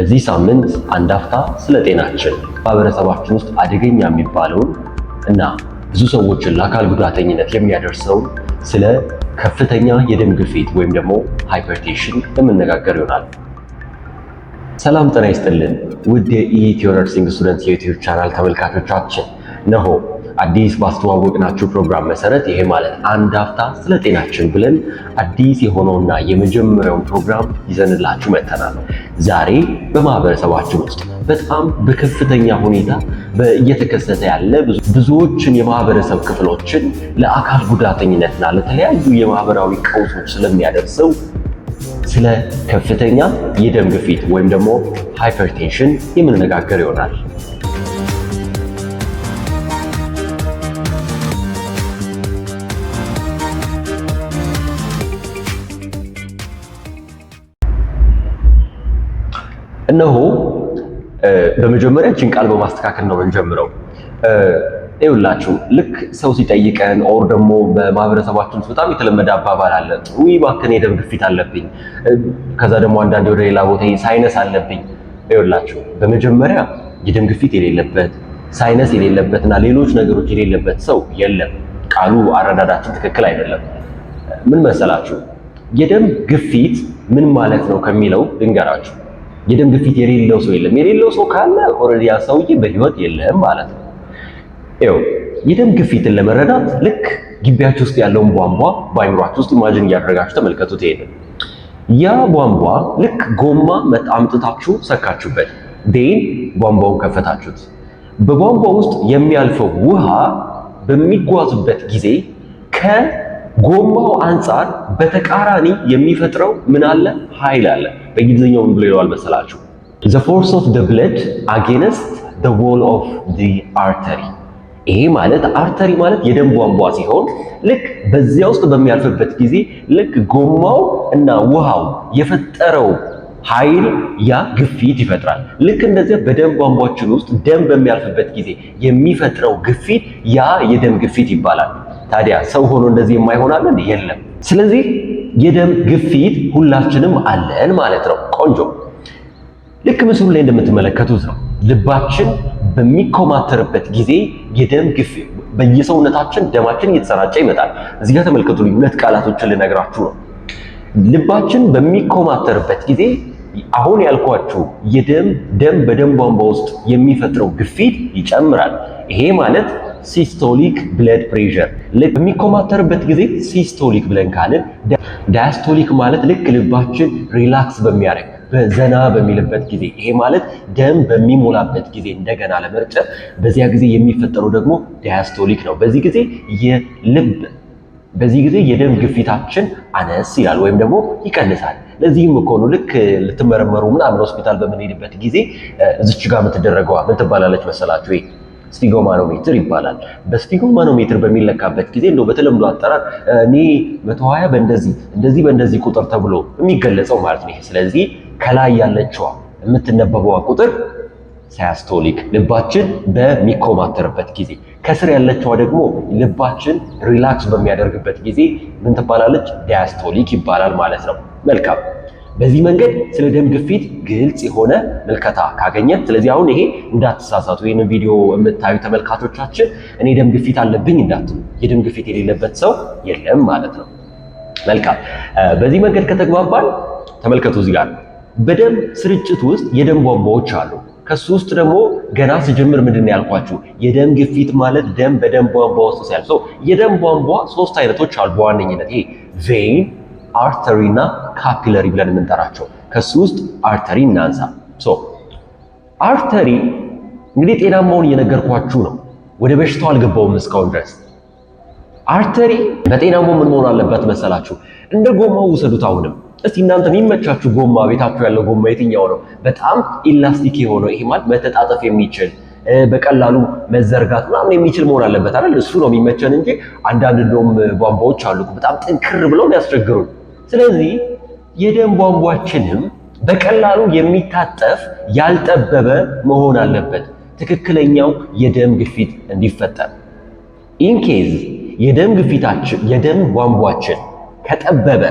በዚህ ሳምንት አንድ አፍታ ስለ ጤናችን ማህበረሰባችን ውስጥ አደገኛ የሚባለውን እና ብዙ ሰዎችን ለአካል ጉዳተኝነት የሚያደርሰውን ስለ ከፍተኛ የደም ግፊት ወይም ደግሞ ሃይፐርቴንሽን የምነጋገር ይሆናል። ሰላም ጤና ይስጥልን ውድ የኢትዮ ነርሲንግ ስቱደንት የዩቲዩብ ቻናል ተመልካቾቻችን ነሆ አዲስ ባስተዋወቅናችሁ ፕሮግራም መሰረት ይሄ ማለት አንድ አፍታ ስለ ጤናችን ብለን አዲስ የሆነውና የመጀመሪያውን ፕሮግራም ይዘንላችሁ መጥተናል። ዛሬ በማህበረሰባችን ውስጥ በጣም በከፍተኛ ሁኔታ እየተከሰተ ያለ ብዙዎችን የማህበረሰብ ክፍሎችን ለአካል ጉዳተኝነትና ለተለያዩ የማህበራዊ ቀውሶች ስለሚያደርሰው ስለ ከፍተኛ የደም ግፊት ወይም ደግሞ ሃይፐርቴንሽን የምንነጋገር ይሆናል። እነሆ በመጀመሪያ እችን ቃል በማስተካከል ነው የምንጀምረው። ይኸውላችሁ ልክ ሰው ሲጠይቀን ኦር ደግሞ በማህበረሰባችን በጣም የተለመደ አባባል አለ። ውይ እባክህን የደም ግፊት አለብኝ፣ ከዛ ደግሞ አንዳንዴ ወደ ሌላ ቦታ ሳይነስ አለብኝ። ይኸውላችሁ በመጀመሪያ የደም ግፊት የሌለበት ሳይነስ የሌለበትና ሌሎች ነገሮች የሌለበት ሰው የለም። ቃሉ አረዳዳችን ትክክል አይደለም። ምን መሰላችሁ የደም ግፊት ምን ማለት ነው ከሚለው ልንገራችሁ። የደም ግፊት የሌለው ሰው የለም። የሌለው ሰው ካለ ኦልሬዲ ያ ሰውዬ በህይወት የለም ማለት ነው። ይኸው የደም ግፊትን ለመረዳት ልክ ግቢያችሁ ውስጥ ያለውን ቧንቧ በአይምሯችሁ ውስጥ ኢማጂን እያደረጋችሁ ተመልከቱት። ይሄ ያ ቧንቧ ልክ ጎማ አምጥታችሁ ሰካችሁበት፣ ዴን ቧንቧውን ከፈታችሁት። በቧንቧ ውስጥ የሚያልፈው ውሃ በሚጓዝበት ጊዜ ከጎማው አንጻር በተቃራኒ የሚፈጥረው ምን አለ? ኃይል አለ። በእንግሊዝኛው ምን ብሎ ይለዋል መሰላችሁ? the force of the blood አጌንስት the wall ኦፍ the አርተሪ። ይሄ ማለት አርተሪ ማለት የደም ቧንቧ ሲሆን ልክ በዚያ ውስጥ በሚያልፍበት ጊዜ ልክ ጎማው እና ውሃው የፈጠረው ኃይል ያ ግፊት ይፈጥራል። ልክ እንደዚያ በደም ቧንቧችን ውስጥ ደም በሚያልፍበት ጊዜ የሚፈጥረው ግፊት ያ የደም ግፊት ይባላል። ታዲያ ሰው ሆኖ እንደዚህ የማይሆናለን? የለም። ስለዚህ የደም ግፊት ሁላችንም አለን ማለት ነው። ቆንጆ ልክ ምስሉ ላይ እንደምትመለከቱት ነው። ልባችን በሚኮማተርበት ጊዜ የደም ግፊት በየሰውነታችን ደማችን እየተሰራጨ ይመጣል። እዚህ ጋር ተመልከቱ። ሁለት ቃላቶችን ልነግራችሁ ነው። ልባችን በሚኮማተርበት ጊዜ አሁን ያልኳችሁ የደም ደም በደም ቧንቧ ውስጥ የሚፈጥረው ግፊት ይጨምራል። ይሄ ማለት ሲስቶሊክ ብለድ ፕሬሸር በሚኮማተርበት ጊዜ ሲስቶሊክ ብለን ካልን፣ ዳያስቶሊክ ማለት ልክ ልባችን ሪላክስ በሚያደርግ በዘና በሚልበት ጊዜ ይሄ ማለት ደም በሚሞላበት ጊዜ እንደገና ለመርጨት በዚያ ጊዜ የሚፈጠረው ደግሞ ዳያስቶሊክ ነው። በዚህ ጊዜ የልብ በዚህ ጊዜ የደም ግፊታችን አነስ ይላል ወይም ደግሞ ይቀንሳል። ለዚህም እኮ ነው ልክ ልትመረመሩ ምናምን ሆስፒታል በምንሄድበት ጊዜ እዚች ጋር የምትደረገዋ ምን ትባላለች መሰላችሁ? ስቲጎማኖሜትር ይባላል። በስቲጎማኖሜትር በሚለካበት ጊዜ እንደው በተለምዶ አጠራር እኔ መቶ ሀያ በእንደዚህ እንደዚህ በእንደዚህ ቁጥር ተብሎ የሚገለጸው ማለት ነው። ስለዚህ ከላይ ያለችዋ የምትነበበዋ ቁጥር ሳያስቶሊክ ልባችን በሚኮማተርበት ጊዜ ከስር ያለችዋ ደግሞ ልባችን ሪላክስ በሚያደርግበት ጊዜ ምን ትባላለች? ዳያስቶሊክ ይባላል ማለት ነው። መልካም በዚህ መንገድ ስለ ደም ግፊት ግልጽ የሆነ ምልከታ ካገኘ ስለዚህ አሁን ይሄ እንዳትሳሳቱ፣ ይህን ቪዲዮ የምታዩ ተመልካቾቻችን እኔ ደም ግፊት አለብኝ እንዳትሉ፣ የደም ግፊት የሌለበት ሰው የለም ማለት ነው። መልካም፣ በዚህ መንገድ ከተግባባን ተመልከቱ፣ እዚህ ጋር በደም ስርጭት ውስጥ የደም ቧንቧዎች አሉ። ከሱ ውስጥ ደግሞ ገና ስጀምር ምንድን ነው ያልኳችሁ የደም ግፊት ማለት ደም በደም ቧንቧ ውስጥ ሲያልፍ የደም ቧንቧ ሶስት አይነቶች አሉ በዋነኝነት ይሄ ቬይን አርተሪ እና ካፒለሪ ብለን የምንጠራቸው ከሱ ውስጥ አርተሪ እናንሳ። ሶ አርተሪ እንግዲህ ጤናማውን እየነገርኳችሁ ነው። ወደ በሽታው አልገባውም እስካሁን ድረስ። አርተሪ በጤናማው ምን መሆን አለበት መሰላችሁ? እንደ ጎማ ውሰዱት። አሁንም እስቲ እናንተ የሚመቻችሁ ጎማ፣ ቤታችሁ ያለው ጎማ የትኛው ነው? በጣም ኢላስቲክ የሆነው ይሄ ማለት መተጣጠፍ የሚችል በቀላሉ መዘርጋት ምናምን የሚችል መሆን አለበት አይደል? እሱ ነው የሚመቸን እንጂ አንዳንድ እንደውም ቧንቧዎች አሉ በጣም ጥንክር ብለው ያስቸግሩን። ስለዚህ የደም ቧንቧችንም በቀላሉ የሚታጠፍ ያልጠበበ መሆን አለበት፣ ትክክለኛው የደም ግፊት እንዲፈጠር። ኢንኬዝ የደም ግፊታችን የደም ቧንቧችን ከጠበበ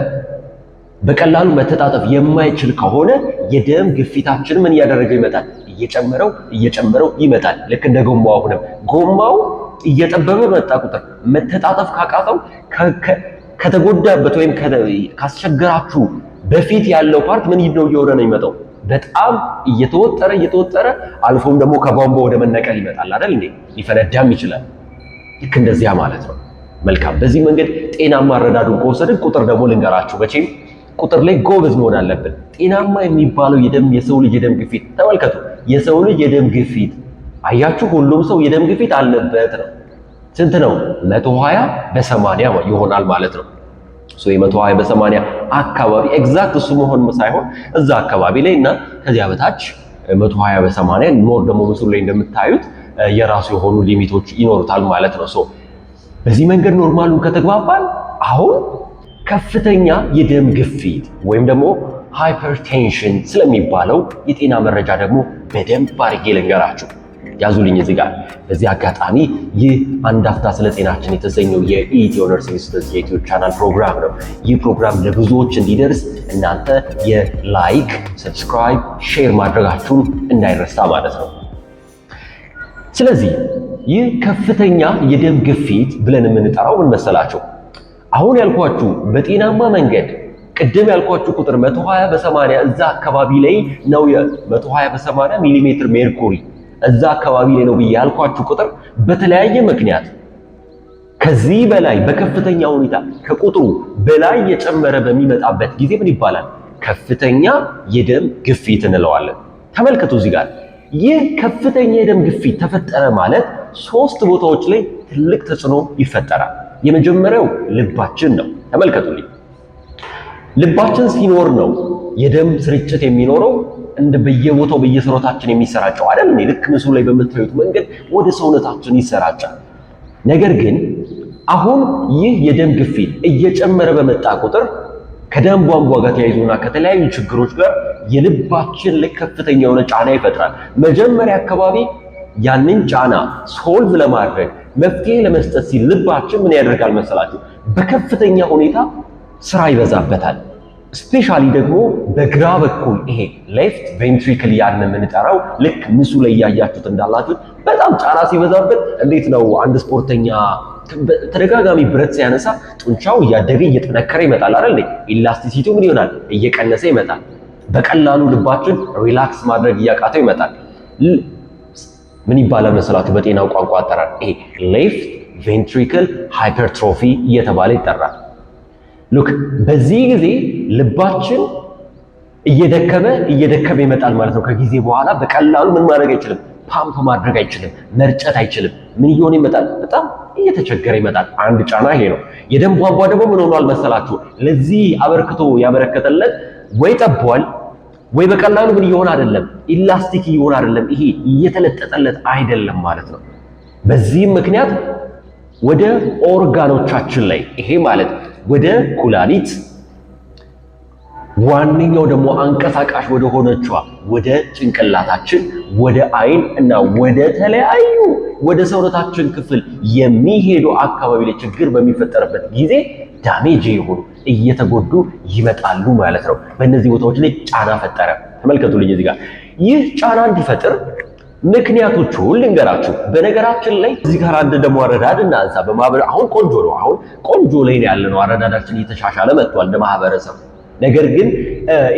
በቀላሉ መተጣጠፍ የማይችል ከሆነ የደም ግፊታችን ምን እያደረገው ይመጣል? እየጨመረው እየጨመረው ይመጣል። ልክ እንደ ጎማው አሁንም ጎማው እየጠበበ መጣ ቁጥር መተጣጠፍ ካቃተው ከተጎዳበት ወይም ካስቸገራችሁ በፊት ያለው ፓርት ምን ነው እየሆነ ነው የሚመጣው? በጣም እየተወጠረ እየተወጠረ አልፎም ደግሞ ከቧንቧ ወደ መነቀል ይመጣል አይደል እንዴ? ሊፈነዳም ይችላል። ልክ እንደዚያ ማለት ነው። መልካም። በዚህ መንገድ ጤናማ አረዳዱን ከወሰድን ቁጥር ደግሞ ልንገራችሁ። መቼም ቁጥር ላይ ጎበዝ መሆን አለብን። ጤናማ የሚባለው የደም የሰው ልጅ የደም ግፊት ተመልከቱ። የሰው ልጅ የደም ግፊት አያችሁ፣ ሁሉም ሰው የደም ግፊት አለበት ነው ስንት ነው? 120 በ80 ይሆናል ማለት ነው። ሶ የ120 በ80 አካባቢ ኤግዛክት እሱ መሆን ሳይሆን እዛ አካባቢ ላይ እና ከዚያ በታች 120 በ80 ኖር ደግሞ ምስሉ ላይ እንደምታዩት የራሱ የሆኑ ሊሚቶች ይኖሩታል ማለት ነው። ሶ በዚህ መንገድ ኖርማሉን ከተግባባል አሁን ከፍተኛ የደም ግፊት ወይም ደግሞ ሃይፐርቴንሽን ስለሚባለው የጤና መረጃ ደግሞ በደንብ አድርጌ ልንገራችሁ። ያዙልኝ እዚህ ጋር። በዚህ አጋጣሚ ይህ አንድ አፍታ ስለ ጤናችን የተሰኘው የኢትዮ ነርሲንግ ስቱደንት የዩቲዩብ ቻናል ፕሮግራም ነው። ይህ ፕሮግራም ለብዙዎች እንዲደርስ እናንተ የላይክ ሰብስክራይብ፣ ሼር ማድረጋችሁን እንዳይረሳ ማለት ነው። ስለዚህ ይህ ከፍተኛ የደም ግፊት ብለን የምንጠራው ምን መሰላችሁ? አሁን ያልኳችሁ በጤናማ መንገድ ቅድም ያልኳችሁ ቁጥር 120 በ80 እዛ አካባቢ ላይ ነው። የ120 በ80 ሚሊሜትር ሜርኩሪ እዛ አካባቢ ላይ ነው ብዬ ያልኳችሁ ቁጥር በተለያየ ምክንያት ከዚህ በላይ በከፍተኛ ሁኔታ ከቁጥሩ በላይ የጨመረ በሚመጣበት ጊዜ ምን ይባላል? ከፍተኛ የደም ግፊት እንለዋለን። ተመልከቱ እዚህ ጋር ይህ ከፍተኛ የደም ግፊት ተፈጠረ ማለት ሶስት ቦታዎች ላይ ትልቅ ተጽዕኖ ይፈጠራል። የመጀመሪያው ልባችን ነው። ተመልከቱልኝ። ልባችን ሲኖር ነው የደም ስርጭት የሚኖረው እንደ በየቦታው በየስሮታችን የሚሰራጨው አይደል? ልክ ምስሉ ላይ በምታዩት መንገድ ወደ ሰውነታችን ይሰራጫል። ነገር ግን አሁን ይህ የደም ግፊት እየጨመረ በመጣ ቁጥር ከደም ቧንቧ ጋር ተያይዞና ከተለያዩ ችግሮች ጋር የልባችን ላይ ከፍተኛ የሆነ ጫና ይፈጥራል። መጀመሪያ አካባቢ ያንን ጫና ሶልቭ ለማድረግ መፍትሄ ለመስጠት ሲል ልባችን ምን ያደርጋል መሰላችሁ? በከፍተኛ ሁኔታ ስራ ይበዛበታል። ስፔሻሊ ደግሞ በግራ በኩል ይሄ ሌፍት ቬንትሪክል ያን የምንጠራው ልክ ምስሉ ላይ እያያችሁት እንዳላችሁት በጣም ጫና ሲበዛበት እንዴት ነው አንድ ስፖርተኛ ተደጋጋሚ ብረት ሲያነሳ ጡንቻው እያደገ እየጠነከረ ይመጣል አይደል? ኢላስቲሲቲው ምን ይሆናል? እየቀነሰ ይመጣል። በቀላሉ ልባችን ሪላክስ ማድረግ እያቃተው ይመጣል። ምን ይባላል መሰላችሁ? በጤናው ቋንቋ አጠራር ይሄ ሌፍት ቬንትሪክል ሃይፐርትሮፊ እየተባለ ይጠራል። ሉክ በዚህ ጊዜ ልባችን እየደከመ እየደከመ ይመጣል ማለት ነው። ከጊዜ በኋላ በቀላሉ ምን ማድረግ አይችልም፣ ፓምፕ ማድረግ አይችልም፣ መርጨት አይችልም። ምን እየሆነ ይመጣል? በጣም እየተቸገረ ይመጣል። አንድ ጫና ይሄ ነው። የደም ቧንቧ ደግሞ ምን ሆኗል መሰላችሁ? ለዚህ አበርክቶ ያበረከተለት ወይ ጠቧል ወይ በቀላሉ ምን እየሆነ አይደለም፣ ኢላስቲክ እየሆነ አይደለም፣ ይሄ እየተለጠጠለት አይደለም ማለት ነው። በዚህም ምክንያት ወደ ኦርጋኖቻችን ላይ ይሄ ማለት ወደ ኩላሊት ዋነኛው ደግሞ አንቀሳቃሽ ወደ ሆነቿ ወደ ጭንቅላታችን ወደ አይን እና ወደ ተለያዩ ወደ ሰውነታችን ክፍል የሚሄዱ አካባቢ ላይ ችግር በሚፈጠርበት ጊዜ ዳሜጅ የሆኑ እየተጎዱ ይመጣሉ ማለት ነው። በእነዚህ ቦታዎች ላይ ጫና ፈጠረ። ተመልከቱልኝ እዚህ ጋር ይህ ጫና እንዲፈጥር ምክንያቶቹ ልንገራችሁ። በነገራችን ላይ እዚህ ጋር አንድ ደግሞ አረዳድ እናንሳ። በማህበረ አሁን ቆንጆ ነው። አሁን ቆንጆ ላይ ያለ ነው። አረዳዳችን እየተሻሻለ መጥቷል እንደ ማህበረሰብ ነገር ግን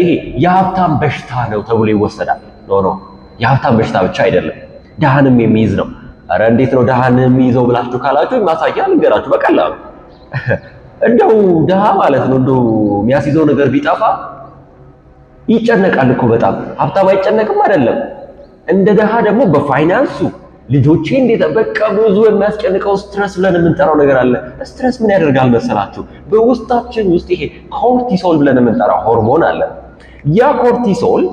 ይሄ የሀብታም በሽታ ነው ተብሎ ይወሰዳል። ኖ ኖ፣ የሀብታም በሽታ ብቻ አይደለም፣ ድሃንም የሚይዝ ነው። ኧረ እንዴት ነው ድሃን የሚይዘው ብላችሁ ካላችሁ ማሳያ ልንገራችሁ በቀላሉ እንደው ድሃ ማለት ነው እንደው የሚያስይዘው ነገር ቢጠፋ ይጨነቃል እኮ በጣም ሀብታም አይጨነቅም አይደለም። እንደ ድሃ ደግሞ በፋይናንሱ ልጆቼ እንዴት በቃ ብዙ የሚያስጨንቀው ስትረስ ብለን የምንጠራው ነገር አለ። ስትረስ ምን ያደርጋል መሰላችሁ? በውስጣችን ውስጥ ይሄ ኮርቲሶል ብለን የምንጠራው ሆርሞን አለ። ያ ኮርቲሶል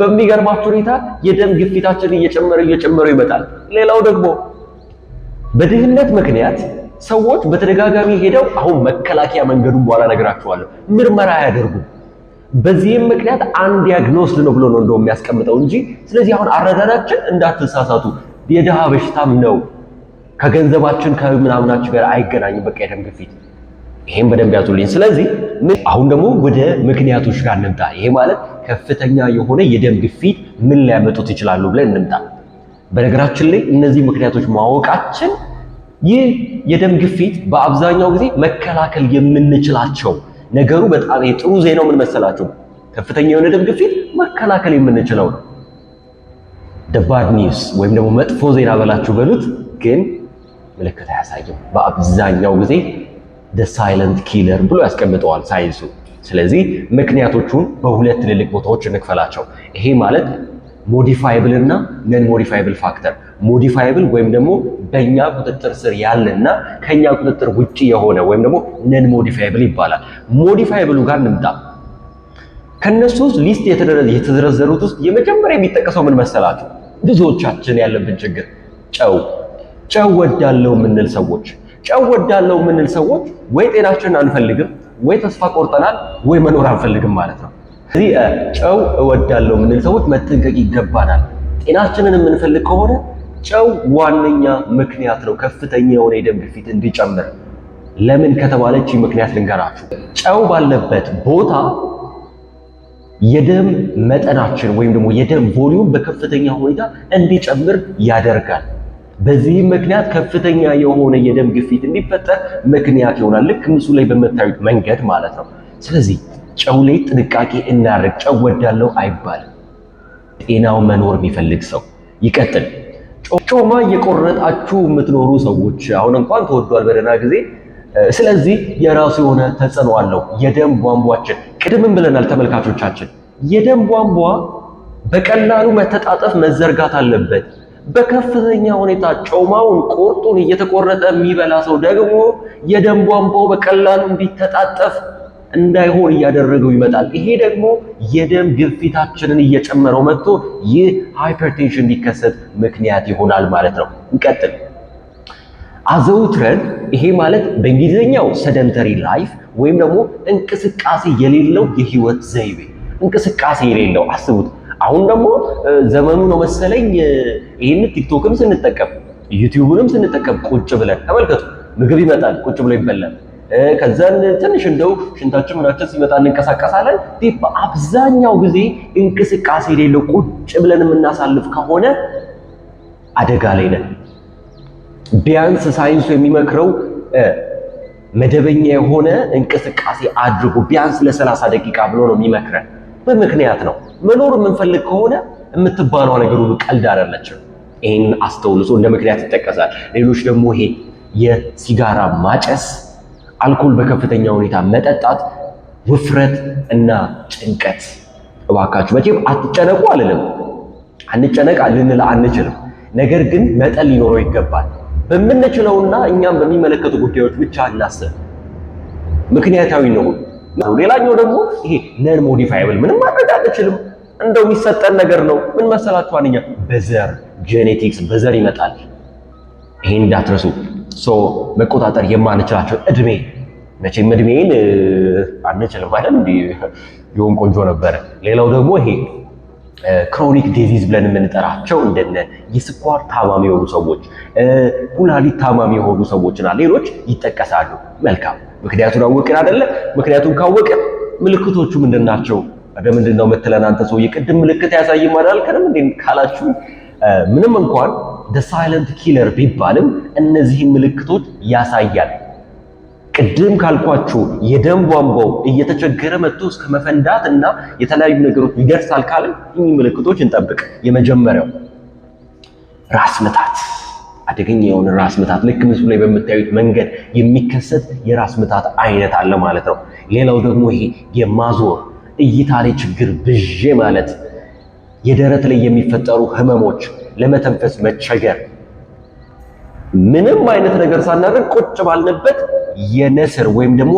በሚገርማችሁ ሁኔታ የደም ግፊታችን እየጨመረ እየጨመረ ይመጣል። ሌላው ደግሞ በድህነት ምክንያት ሰዎች በተደጋጋሚ ሄደው አሁን መከላከያ መንገዱን በኋላ ነግራችኋለሁ፣ ምርመራ አያደርጉም። በዚህም ምክንያት አንድ ዲያግኖስ ነው ብሎ ነው እንደው የሚያስቀምጠው እንጂ። ስለዚህ አሁን አረዳዳችን እንዳትሳሳቱ፣ የድሃ በሽታም ነው። ከገንዘባችን ከምናምናችሁ ጋር አይገናኝም። በቃ የደም ግፊት ይሄን በደንብ ያዙልኝ። ስለዚህ አሁን ደግሞ ወደ ምክንያቶች ጋር እንምጣ። ይሄ ማለት ከፍተኛ የሆነ የደም ግፊት ምን ሊያመጡት ይችላሉ ብለን እንምጣ። በነገራችን ላይ እነዚህ ምክንያቶች ማወቃችን ይህ የደም ግፊት በአብዛኛው ጊዜ መከላከል የምንችላቸው ነገሩ በጣም የጥሩ ዜናው ምን መሰላችሁ? ከፍተኛ የሆነ ደም ግፊት መከላከል የምንችለው ነው። ባድ ኒውስ ወይም ደግሞ መጥፎ ዜና በላችሁ በሉት፣ ግን ምልክት አያሳይም። በአብዛኛው ጊዜ ሳይለንት ኪለር ብሎ ያስቀምጠዋል ሳይንሱ። ስለዚህ ምክንያቶቹን በሁለት ትልልቅ ቦታዎች እንክፈላቸው። ይሄ ማለት ሞዲፋይብል እና ነን ሞዲፋይብል ፋክተር። ሞዲፋይብል ወይም ደግሞ በእኛ ቁጥጥር ስር ያለና ከኛ ቁጥጥር ውጪ የሆነ ወይም ደግሞ ነን ሞዲፋይብል ይባላል። ሞዲፋይብሉ ጋር እንምጣ። ከነሱ ውስጥ ሊስት የተዘረዘሩት ውስጥ የመጀመሪያ የሚጠቀሰው ምን መሰላችሁ? ብዙዎቻችን ያለብን ችግር ጨው ጨው ወዳለው የምንል ሰዎች ጨው ወዳለው የምንል ሰዎች ወይ ጤናችንን አንፈልግም፣ ወይ ተስፋ ቆርጠናል፣ ወይ መኖር አንፈልግም ማለት ነው። እዚህ ጨው እወዳለው የምንል ሰዎች መጠንቀቅ ይገባናል። ጤናችንን የምንፈልግ ከሆነ ጨው ዋነኛ ምክንያት ነው ከፍተኛ የሆነ የደም ግፊት እንዲጨምር። ለምን ከተባለች ምክንያት ልንገራችሁ። ጨው ባለበት ቦታ የደም መጠናችን ወይም ደግሞ የደም ቮሊዩም በከፍተኛ ሁኔታ እንዲጨምር ያደርጋል። በዚህም ምክንያት ከፍተኛ የሆነ የደም ግፊት እንዲፈጠር ምክንያት ይሆናል። ልክ ምስሉ ላይ በምታዩት መንገድ ማለት ነው። ስለዚህ ጨው ላይ ጥንቃቄ እናደርግ። ጨው ወዳለው አይባልም። ጤናው መኖር የሚፈልግ ሰው ይቀጥል። ጮማ የቆረጣችሁ የምትኖሩ ሰዎች አሁን እንኳን ተወዷል በደህና ጊዜ። ስለዚህ የራሱ የሆነ ተጽዕኖ አለው የደም ቧንቧችን ቅድምም ብለናል ተመልካቾቻችን፣ የደም ቧንቧ በቀላሉ መተጣጠፍ መዘርጋት አለበት። በከፍተኛ ሁኔታ ጮማውን ቁርጡን እየተቆረጠ የሚበላ ሰው ደግሞ የደም ቧንቧው በቀላሉ እንዲተጣጠፍ እንዳይሆን እያደረገው ይመጣል። ይሄ ደግሞ የደም ግፊታችንን እየጨመረው መጥቶ ይህ ሃይፐርቴንሽን እንዲከሰት ምክንያት ይሆናል ማለት ነው። እንቀጥል። አዘውትረን ይሄ ማለት በእንግሊዝኛው ሰደንተሪ ላይፍ ወይም ደግሞ እንቅስቃሴ የሌለው የህይወት ዘይቤ እንቅስቃሴ የሌለው አስቡት። አሁን ደግሞ ዘመኑ ነው መሰለኝ ይህን ቲክቶክም ስንጠቀም ዩቲዩብንም ስንጠቀም ቁጭ ብለን ተመልከቱ። ምግብ ይመጣል፣ ቁጭ ብሎ ይበላል። ከዛን ትንሽ እንደው ሽንታችን ምናችን ሲመጣ እንንቀሳቀሳለን። አብዛኛው ጊዜ እንቅስቃሴ የሌለው ቁጭ ብለን የምናሳልፍ ከሆነ አደጋ ላይ ነን። ቢያንስ ሳይንሱ የሚመክረው መደበኛ የሆነ እንቅስቃሴ አድርጉ፣ ቢያንስ ለሰላሳ ደቂቃ ብሎ ነው የሚመክረን። በምክንያት ነው። መኖር የምንፈልግ ከሆነ የምትባለው ነገር ሁሉ ቀልድ አይደለችም። ይህንን አስተውልሶ እንደ ምክንያት ይጠቀሳል። ሌሎች ደግሞ ይሄ የሲጋራ ማጨስ፣ አልኮል በከፍተኛ ሁኔታ መጠጣት፣ ውፍረት እና ጭንቀት። እባካችሁ መቼም አትጨነቁ አልልም፣ አንጨነቅ ልንል አንችልም። ነገር ግን መጠን ሊኖረው ይገባል። በምንችለውና እኛም በሚመለከቱ ጉዳዮች ብቻ እናስብ። ምክንያታዊ ነው። ሌላኛው ደግሞ ይሄ ነን ሞዲፋይብል ምንም ማድረግ አንችልም፣ እንደው የሚሰጠን ነገር ነው። ምን መሰላችሁ? አንኛ በዘር ጄኔቲክስ በዘር ይመጣል። ይሄ እንዳትረሱ። ሶ መቆጣጠር የማንችላቸው እድሜ መቼም እድሜን አንችልም አይደል? እንዲህ ቢሆን ቆንጆ ነበረ። ሌላው ደግሞ ይሄ ክሮኒክ ዲዚዝ ብለን የምንጠራቸው እንደነ የስኳር ታማሚ የሆኑ ሰዎች፣ ኩላሊት ታማሚ የሆኑ ሰዎችና ሌሎች ይጠቀሳሉ። መልካም። ምክንያቱን አወቅን አደለ? ምክንያቱን ካወቅን ምልክቶቹ ምንድናቸው? ወደ ምንድን ነው የምትለን አንተ ሰው የቅድም ምልክት ያሳይ ማዳል አላልከንም እንዴ ካላችሁ ምንም እንኳን ደ ሳይለንት ኪለር ቢባልም እነዚህን ምልክቶች ያሳያል። ቅድም ካልኳችሁ የደም ቧንቧው እየተቸገረ መጥቶ እስከ መፈንዳት እና የተለያዩ ነገሮች ይደርሳል ካለ እኚህ ምልክቶች እንጠብቅ። የመጀመሪያው ራስ ምታት፣ አደገኛ የሆነ ራስ ምታት፣ ልክ ምስሉ ላይ በምታዩት መንገድ የሚከሰት የራስ ምታት አይነት አለ ማለት ነው። ሌላው ደግሞ ይሄ የማዞር እይታ ላይ ችግር ብዤ ማለት፣ የደረት ላይ የሚፈጠሩ ህመሞች፣ ለመተንፈስ መቸገር፣ ምንም አይነት ነገር ሳናደርግ ቁጭ ባልንበት የነስር ወይም ደግሞ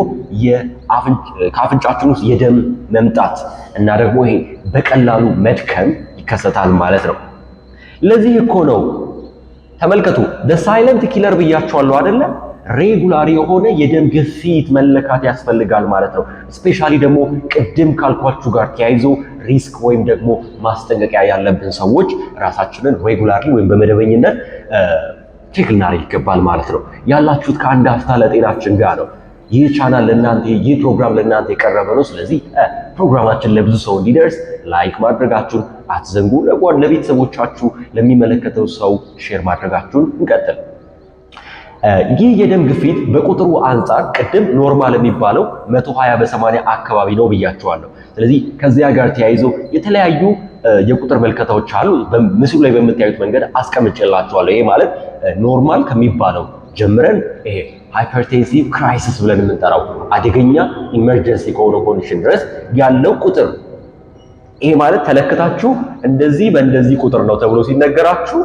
ከአፍንጫችን ውስጥ የደም መምጣት እና ደግሞ ይሄ በቀላሉ መድከም ይከሰታል ማለት ነው። ለዚህ እኮ ነው ተመልከቱ፣ ሳይለንት ኪለር ብያቸዋለሁ አይደለ? ሬጉላር የሆነ የደም ግፊት መለካት ያስፈልጋል ማለት ነው። ስፔሻሊ ደግሞ ቅድም ካልኳችሁ ጋር ተያይዞ ሪስክ ወይም ደግሞ ማስጠንቀቂያ ያለብን ሰዎች ራሳችንን ሬጉላርሊ ወይም በመደበኝነት ቼክ ልናደርግ ይገባል ማለት ነው። ያላችሁት ከአንድ አፍታ ለጤናችን ጋር ነው። ይህ ቻናል ለእናንተ ይህ ፕሮግራም ለእናንተ የቀረበ ነው። ስለዚህ ፕሮግራማችን ለብዙ ሰው እንዲደርስ ላይክ ማድረጋችሁን አትዘንጉ። ለጓድ ለቤተሰቦቻችሁ፣ ለሚመለከተው ሰው ሼር ማድረጋችሁን እንቀጥል። ይህ የደም ግፊት በቁጥሩ አንጻር ቅድም ኖርማል የሚባለው 120 በ80 አካባቢ ነው ብያችኋለሁ። ስለዚህ ከዚያ ጋር ተያይዞ የተለያዩ የቁጥር መልከታዎች አሉ። በምስሉ ላይ በምታዩት መንገድ አስቀምጬላቸዋለሁ። ይሄ ማለት ኖርማል ከሚባለው ጀምረን ይሄ ሃይፐርቴንሲቭ ክራይሲስ ብለን የምንጠራው አደገኛ ኢመርጀንሲ ከሆነ ኮንዲሽን ድረስ ያለው ቁጥር ይሄ ማለት ተለክታችሁ እንደዚህ በእንደዚህ ቁጥር ነው ተብሎ ሲነገራችሁ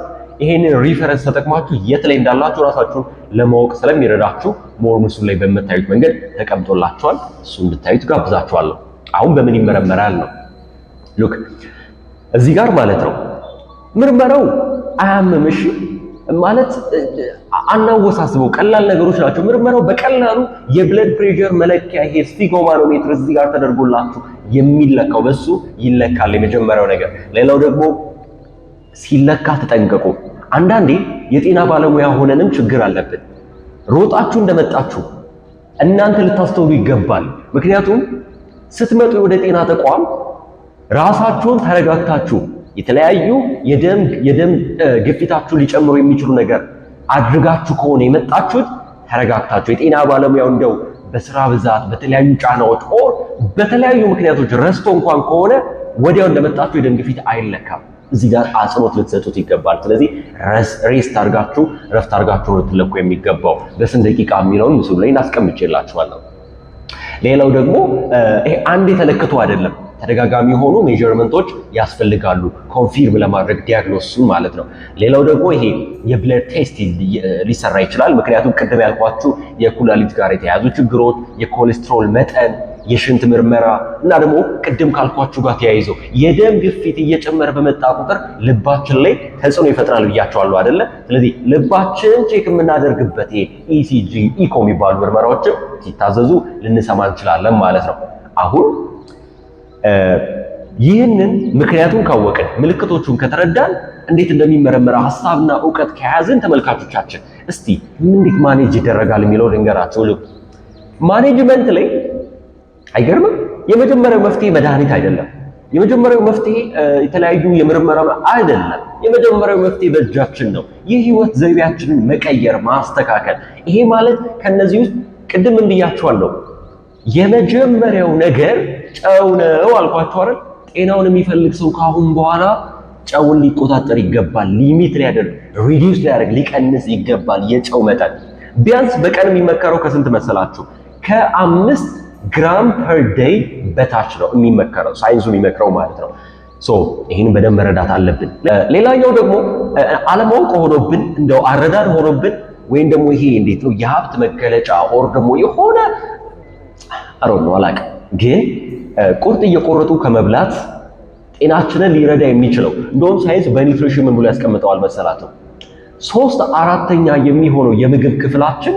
ይሄንን ሪፈረንስ ተጠቅማችሁ የት ላይ እንዳላችሁ እራሳችሁን ለማወቅ ስለሚረዳችሁ ሞር ምስሉ ላይ በምታዩት መንገድ ተቀምጦላችኋል። እሱ እንድታዩት ጋብዛችኋለሁ። አሁን በምን ይመረመራል ነው ሉክ እዚህ ጋር ማለት ነው። ምርመራው አያምምሽ ማለት አናወሳስበው፣ ቀላል ነገሮች ናቸው። ምርመራው በቀላሉ የብለድ ፕሬሸር መለኪያ ይሄ ስፊጎማኖሜትር እዚህ ጋር ተደርጎላችሁ የሚለካው በሱ ይለካል። የመጀመሪያው ነገር። ሌላው ደግሞ ሲለካ ተጠንቀቁ። አንዳንዴ የጤና ባለሙያ ሆነንም ችግር አለብን። ሮጣችሁ እንደመጣችሁ እናንተ ልታስተውሉ ይገባል። ምክንያቱም ስትመጡ ወደ ጤና ተቋም ራሳችሁን ተረጋግታችሁ የተለያዩ የደም የደም ግፊታችሁ ሊጨምሩ የሚችሉ ነገር አድርጋችሁ ከሆነ የመጣችሁት ተረጋግታችሁ የጤና ባለሙያው እንደው በስራ ብዛት በተለያዩ ጫናዎች ኦር በተለያዩ ምክንያቶች ረስቶ እንኳን ከሆነ ወዲያው እንደመጣችሁ የደም ግፊት አይለካም። እዚህ ጋር አጽንኦት ልትሰጡት ይገባል። ስለዚህ ሬስት አድርጋችሁ ረፍት አድርጋችሁ ልትለኩ የሚገባው በስንት ደቂቃ የሚለውን ምስሉ ላይ እናስቀምጭላችኋለሁ። ሌላው ደግሞ ይሄ አንድ የተለክቶ አይደለም። ተደጋጋሚ የሆኑ ሜዥርመንቶች ያስፈልጋሉ ኮንፊርም ለማድረግ ዲያግኖሱን ማለት ነው። ሌላው ደግሞ ይሄ የብለድ ቴስት ሊሰራ ይችላል። ምክንያቱም ቅድም ያልኳችሁ የኩላሊት ጋር የተያያዙ ችግሮች፣ የኮሌስትሮል መጠን የሽንት ምርመራ እና ደግሞ ቅድም ካልኳችሁ ጋር ተያይዘው የደም ግፊት እየጨመረ በመጣ ቁጥር ልባችን ላይ ተጽዕኖ ይፈጥራል ብያቸዋለሁ አይደለ? ስለዚህ ልባችን ቼክ የምናደርግበት ኢሲጂ፣ ኢኮ e e የሚባሉ ምርመራዎችም ሲታዘዙ ልንሰማ እንችላለን ማለት ነው። አሁን ይህንን ምክንያቱን ካወቅን ምልክቶቹን ከተረዳን እንዴት እንደሚመረመረ ሀሳብና እውቀት ከያዝን ተመልካቾቻችን እስቲ እንዴት ማኔጅ ይደረጋል የሚለው ልንገራችሁ። ልብ ማኔጅመንት ላይ አይገርምም? የመጀመሪያው መፍትሄ መድኃኒት አይደለም። የመጀመሪያው መፍትሄ የተለያዩ የምርመራ አይደለም። የመጀመሪያው መፍትሄ በእጃችን ነው። የህይወት ዘይቤያችንን መቀየር፣ ማስተካከል። ይሄ ማለት ከነዚህ ውስጥ ቅድም እንብያችኋለሁ የመጀመሪያው ነገር ጨው ነው አልኳችሁ አይደል? ጤናውን የሚፈልግ ሰው ካሁን በኋላ ጨውን ሊቆጣጠር ይገባል። ሊሚት ሊያደርግ ሪዲዩስ ሊያደርግ ሊቀንስ ይገባል። የጨው መጠን ቢያንስ በቀን የሚመከረው ከስንት መሰላችሁ? ከአምስት ግራም ፐር ዴይ በታች ነው የሚመከረው፣ ሳይንሱ የሚመክረው ማለት ነው። ይህን በደንብ መረዳት አለብን። ሌላኛው ደግሞ አለማወቅ ሆኖብን እንደው አረዳድ ሆኖብን ወይም ደግሞ ይሄ እንዴት ነው የሀብት መገለጫ ኦር ደግሞ የሆነ አሮ ነው ግን ቁርጥ እየቆረጡ ከመብላት ጤናችንን ሊረዳ የሚችለው እንደውም ሳይንስ በኒትሪሽን ምን ብሎ ያስቀምጠዋል መሰላት ነው ሶስት አራተኛ የሚሆነው የምግብ ክፍላችን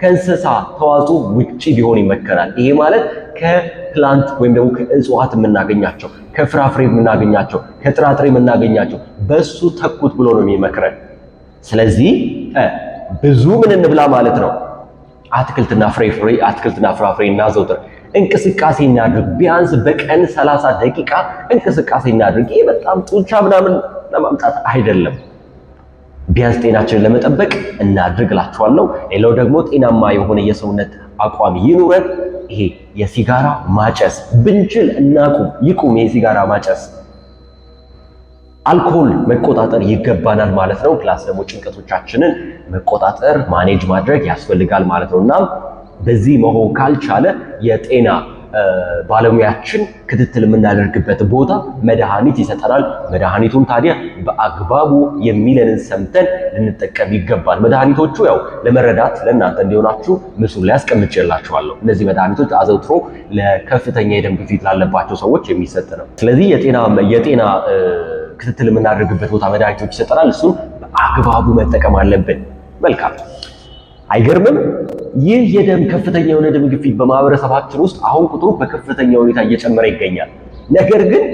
ከእንስሳ ተዋጽኦ ውጪ ቢሆን ይመከራል። ይሄ ማለት ከፕላንት ወይም ደግሞ ከእጽዋት የምናገኛቸው፣ ከፍራፍሬ የምናገኛቸው፣ ከጥራጥሬ የምናገኛቸው በሱ ተኩት ብሎ ነው የሚመክረን። ስለዚህ ብዙ ምን እንብላ ማለት ነው። አትክልትና ፍራፍሬ አትክልትና ፍራፍሬ እናዘውትር። እንቅስቃሴ እናድርግ። ቢያንስ በቀን ሰላሳ ደቂቃ እንቅስቃሴ እናድርግ። ይህ በጣም ጡንቻ ምናምን ለማምጣት አይደለም። ቢያንስ ጤናችንን ለመጠበቅ እናድርግላችኋለሁ። ሌላው ደግሞ ጤናማ የሆነ የሰውነት አቋም ይኑረን። ይሄ የሲጋራ ማጨስ ብንችል እናቁም፣ ይቁም የሲጋራ ማጨስ። አልኮል መቆጣጠር ይገባናል ማለት ነው። ፕላስ ደግሞ ጭንቀቶቻችንን መቆጣጠር ማኔጅ ማድረግ ያስፈልጋል ማለት ነው። እናም በዚህ መሆን ካልቻለ የጤና ባለሙያችን ክትትል የምናደርግበት ቦታ መድኃኒት ይሰጠናል። መድኃኒቱን ታዲያ በአግባቡ የሚለንን ሰምተን ልንጠቀም ይገባል። መድኃኒቶቹ ያው ለመረዳት ለእናንተ እንዲሆናችሁ ምስሉ ላይ አስቀምጬላችኋለሁ። እነዚህ መድኃኒቶች አዘውትሮ ለከፍተኛ የደም ግፊት ላለባቸው ሰዎች የሚሰጥ ነው። ስለዚህ የጤና ክትትል የምናደርግበት ቦታ መድኃኒቶች ይሰጠናል። እሱን በአግባቡ መጠቀም አለብን። መልካም አይገርምም? ይህ የደም ከፍተኛ የሆነ ደም ግፊት በማህበረሰባችን ውስጥ አሁን ቁጥሩ በከፍተኛ ሁኔታ እየጨመረ ይገኛል። ነገር ግን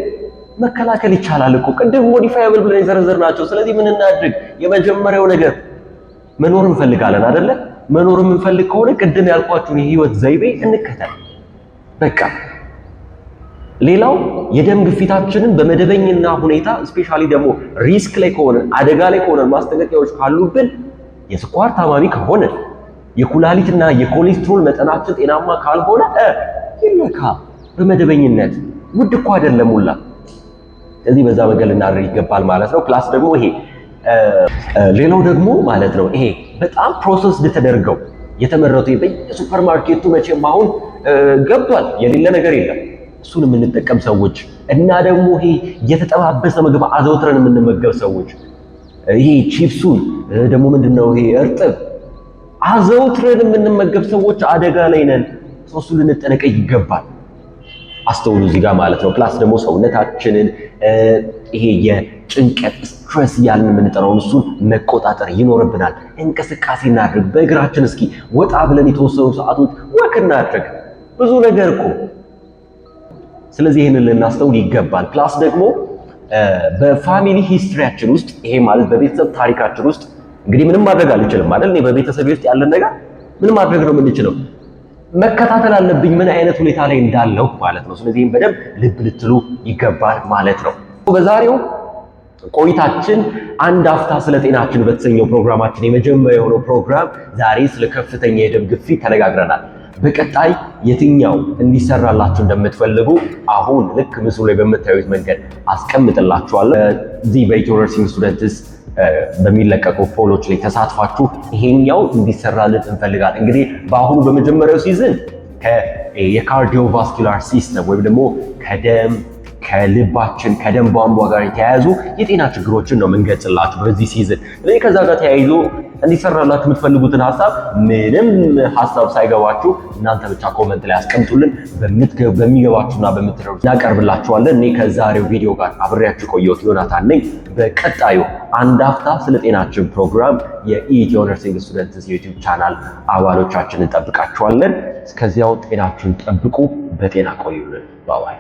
መከላከል ይቻላል እኮ ቅድም ሞዲፋያብል ብለን የዘረዘር ናቸው። ስለዚህ ምን እናድርግ? የመጀመሪያው ነገር መኖር እንፈልጋለን አይደለ? መኖር የምንፈልግ ከሆነ ቅድም ያልኳችሁን የህይወት ዘይቤ እንከተል። በቃ ሌላው የደም ግፊታችንን በመደበኝና ሁኔታ ስፔሻሊ ደግሞ ሪስክ ላይ ከሆነ አደጋ ላይ ከሆነ ማስጠንቀቂያዎች ካሉብን የስኳር ታማሚ ከሆነ የኩላሊትና የኮሌስትሮል መጠናችን ጤናማ ካልሆነ ይለካ በመደበኝነት ውድ እኮ አይደለም ሁላ። ስለዚህ በዛ መንገድ ልናደርግ ይገባል ማለት ነው። ፕላስ ደግሞ ይሄ ሌላው ደግሞ ማለት ነው ይሄ በጣም ፕሮሰስ ተደርገው የተመረቱ በየሱፐር ማርኬቱ መቼም አሁን ገብቷል፣ የሌለ ነገር የለም። እሱን የምንጠቀም ሰዎች እና ደግሞ ይሄ የተጠባበሰ ምግብ አዘውትረን የምንመገብ ሰዎች ይሄ ቺፕሱን ደግሞ ምንድነው ይሄ እርጥብ አዘውትረን የምንመገብ ሰዎች አደጋ ላይ ነን። ሶሱ ልንጠነቀቅ ይገባል። አስተውሉ እዚህ ጋር ማለት ነው። ፕላስ ደግሞ ሰውነታችንን ይሄ የጭንቀት ስትረስ እያልን የምንጠራውን እሱን መቆጣጠር ይኖርብናል። እንቅስቃሴ እናድርግ። በእግራችን እስኪ ወጣ ብለን የተወሰኑ ሰዓቶች ወክ እናድርግ። ብዙ ነገር እኮ ስለዚህ ይህንን ልናስተውል ይገባል። ፕላስ ደግሞ በፋሚሊ ሂስትሪያችን ውስጥ ይሄ ማለት በቤተሰብ ታሪካችን ውስጥ እንግዲህ ምንም ማድረግ አልችልም ማለት እኔ በቤተሰብ ውስጥ ያለን ነገር ምንም ማድረግ ነው የምንችለው? መከታተል አለብኝ ምን አይነት ሁኔታ ላይ እንዳለው ማለት ነው። ስለዚህም በደንብ ልብ ልትሉ ይገባል ማለት ነው። በዛሬው ቆይታችን አንድ አፍታ ስለ ጤናችን በተሰኘው ፕሮግራማችን የመጀመሪያ የሆነው ፕሮግራም ዛሬ ስለ ከፍተኛ የደም ግፊት ተነጋግረናል። በቀጣይ የትኛው እንዲሰራላችሁ እንደምትፈልጉ አሁን ልክ ምስሉ ላይ በምታዩት መንገድ አስቀምጥላችኋለሁ። እዚህ በኢትዮነርሲንግ ስቱደንትስ በሚለቀቁ ፖሎች ላይ ተሳትፋችሁ ይሄኛው እንዲሰራልን እንፈልጋለን። እንግዲህ በአሁኑ በመጀመሪያው ሲዝን የካርዲዮቫስኩላር ሲስተም ወይም ደግሞ ከደም ከልባችን ከደም ቧንቧ ጋር የተያያዙ የጤና ችግሮችን ነው የምንገልጽላችሁ በዚህ ሲዝን። ስለዚህ ከዛ ጋር ተያይዞ እንዲሰራላችሁ የምትፈልጉትን ሀሳብ ምንም ሀሳብ ሳይገባችሁ እናንተ ብቻ ኮመንት ላይ አስቀምጡልን፣ በሚገባችሁና በምትረዱ እናቀርብላችኋለን። እኔ ከዛሬው ቪዲዮ ጋር አብሬያችሁ ቆየሁት። ዮናታን ነኝ። በቀጣዩ አንድ አፍታ ስለ ጤናችን ፕሮግራም የኢትዮ ነርሲንግ ስቱደንትስ ዩቲዩብ ቻናል አባሎቻችን እንጠብቃችኋለን። እስከዚያው ጤናችሁን ጠብቁ። በጤና ቆዩልን። ባባይ